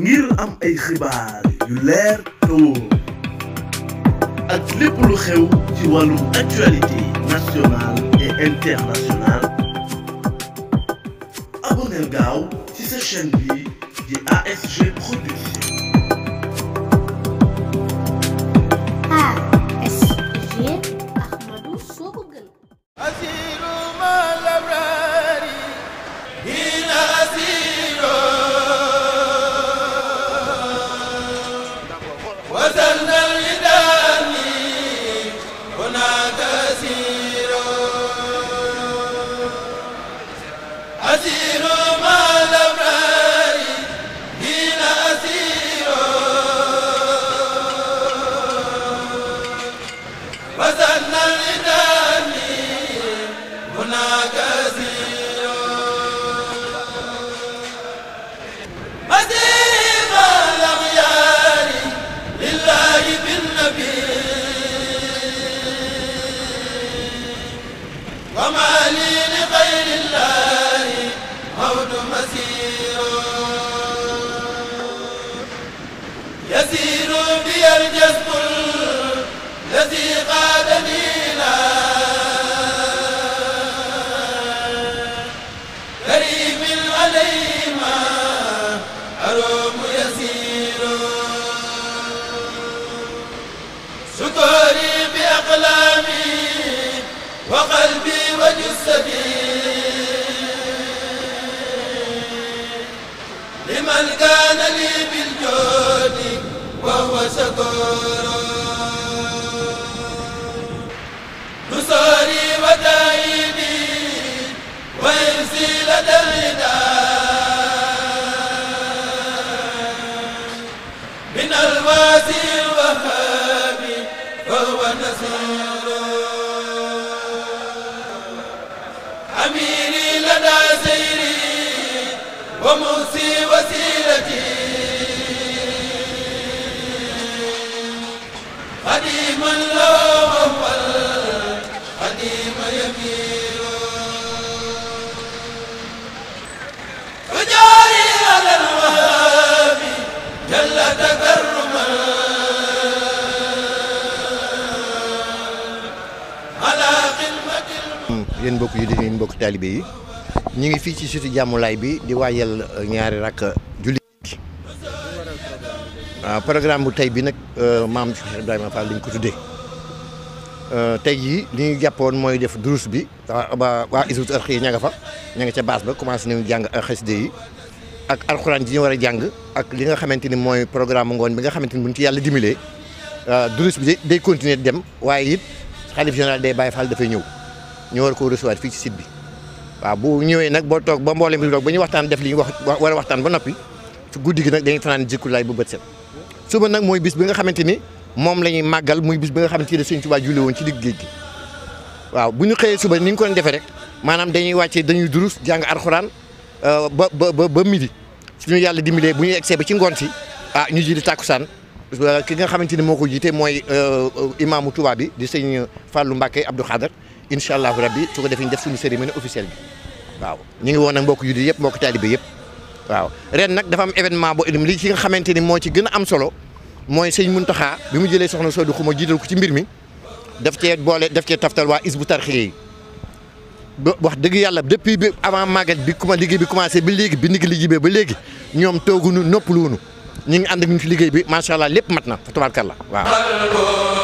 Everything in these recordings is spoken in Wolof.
ngir am ay xibaar yu leer te wóor ak lépp lu xew ci actualité nationale et internationale Abonnez-vous ci sa chaîne bi di ASG Production wasal yéen mbokk yi di mbokk taalibe yi ñu ngi fii ci cité jàmmulaay bi di waajal euh, ñaari rakk julli ah, programme bu tey bi nag euh, maam Cheikh Ibrahima Fall ñu ko tuddee euh, tey jii li ñu jàppoon mooy def durus bi waa waa Hizbut Tarqiyyah ña nga fa ña nga ca base ba commencé nañu jàng xaside ak alxuraan ji ñu war a jàng ak li nga xamante ni mooy programme ngoon bi nga xamante ni buñ ci yàlla dimbalee durus bi day continuer dem waaye it xalif général day Baye Fall dafay ñëw ñu war koo recevoir fii ci site bi. waaw bu ñëwee nag boo toog ba mboolem bi toog ba ñu waxtaan def li ñu wax war a waxtaan ba noppi ci guddi gi nag dañuy fanaan jikkulaay bu bët set suba nag mooy bis bi nga xamante ni moom lañuy màggal muy bis bi nga xamante ni Sëñ Tuubaa julli woon ci digg géej waaw bu ñu xëyee suba ni ñu ko defee rek maanaam dañuy wàccee dañuy durus jàng arxuraan euh, ba ba ba midi suñu yàlla dimbalee bu ñu egsee ba ci ngoon si ah ñu ji di tàkkusaan ki nga xamante ni moo ko jiitee mooy euh, euh, imaamu Tuubaa bi di sëñ Fallou Mbacké Abdou Khadar incha allahu rabbi su ko defee ñu def suñu cérémonie officielle bi waaw ñu ngi woon nag mbokk yu di yëpp mbokk taalibe yëpp waaw ren nag dafa am événement boo li ci nga xamante ni moo ci gën a am solo mooy mun Muntaxa bi mu jëlee soxna Soodu Xuma jiital ko ci mbir mi daf cee boole daf cee taftal waa Hizbut Tarqiyyah yi wax dëgg yàlla depuis bi avant màggal bi kuma liggéey bi commencé ba léegi bi ni ki liggéey ba léegi ñoom tooguñu noppaluwuñu ñu ngi ànd ak ñu ci liggéey bi macha allah lépp mat na fa tabaarkalla waaw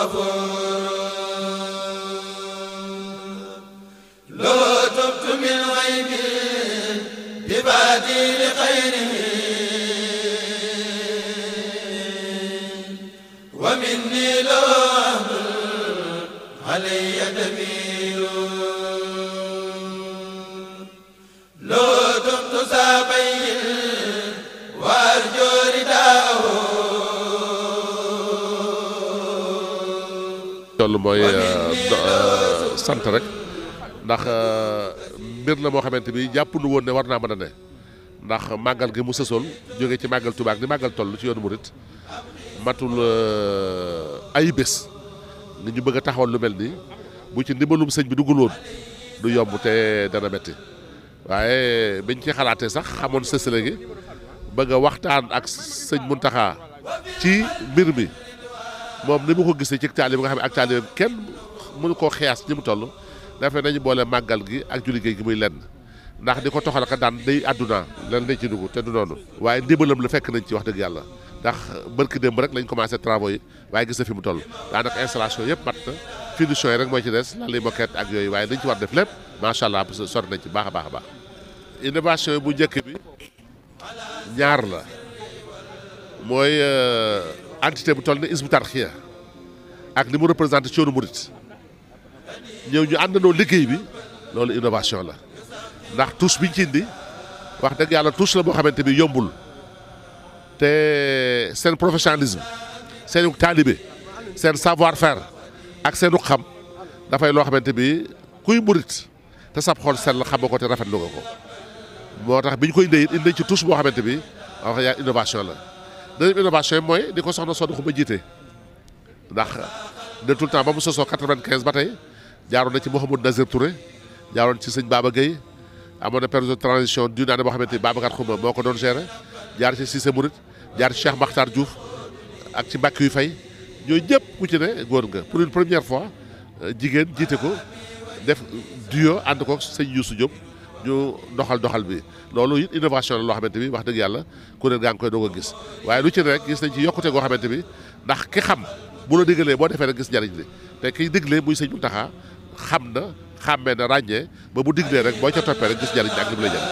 Allah'ın loolu mooy euh, euh, sant rek ndax euh, mbir la moo xamante bi jàpp woon ne war naa mën a ne ndax màggal gi mu sësoon jóge ci màggal Tuubaa ak ni màggal toll ci yoonu murit matul ay bés ni ñu bëgg a taxawal lu mel nii bu ci ndimbalum sëñ bi duggul woon du yomb te dana metti waaye biñ ci xalaatee sax xamoon sësale gi bëgg a waxtaan ak sëñ Muntaxa ci mbir mi moom ni mu ko gisee ci taalibe bi nga xam ne ak taalibe kenn mënu koo xiyaas ñi mu toll dafay nañu boolee màggal gi ak julli géej gi muy lenn ndax di ko toxal ka daan day àdduna lan lañ ci dugg te du noonu waaye ndimbalam lu fekk nañ ci wax dëgg yàlla ndax barki démb rek lañ commencé travaux yi waaye gis na fi mu toll daanaka installation yëpp mat na finition yi rek mooy ci des lan lay moquette ak yooyu waaye dañ ci war def lépp macha allah parce que sori nañ a baax a baax innovation bu njëkk bi ñaar la mooy euh, entité bu toll ne Hizbut Tarqiyyah ak li mu représenté ci yoonu murit ñëw ñu àndandoo liggéey bi loolu innovation la ndax touche biñ ci indi wax dëgg yàlla touche la boo xamante bi yombul te seen professionnalisme seenu taalibe seen savoir faire ak seenu xam dafay loo xamante bi kuy murit te sab xool seen xam nga ko te rafetlu nga ko moo tax biñ koy indee it indi ci touche boo xamante bi wax yaa innovation la. deuxième innovation yi mooy di ko soxna Soxna Xuma jiite ndax de tout le temps ba mu sosoo 95 ba tey jaaroon na ci Mouhamadou Nazir Touré jaaroon ci sëñ baaba Gueye amoon na période de transition du naan boo xamante ni Babacar Xuma moo ko doon gérer jaar ci Cissé Mouride jaar ci Cheikh Makhtar Diouf ak ci Mbacke yu fay ñooñu ñëpp ku ci ne góor nga pour une première fois jigéen jiite ko def duo ànd ko sëñ Youssou Diop. ñu doxal doxal bi loolu it innovation la loo xamante bi wax dëgg yàlla kuréel gaa ngi koy doog a gis waaye lu ci rek gis nañ ci yokkute goo xamante bi ndax ki xam bu la digalee boo defee rek gis njariñ li te kiy diglee muy sëñ Muntaxa xam na xàmmee na ràññee ba bu diglee rek boo ca toppee rek gis njariñ li ak li mu lay jël.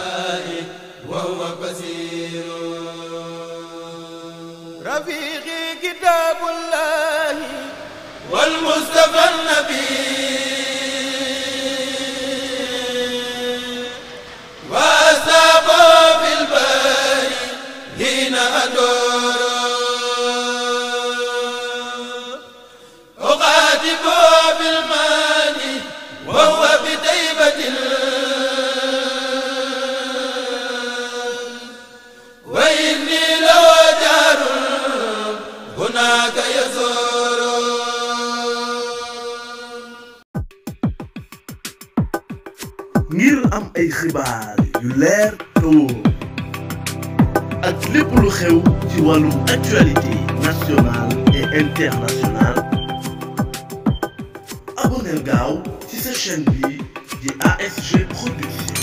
Mir am ay xibaar actualité nationale et internationale Abonnez-vous à cette chaîne de ASG Production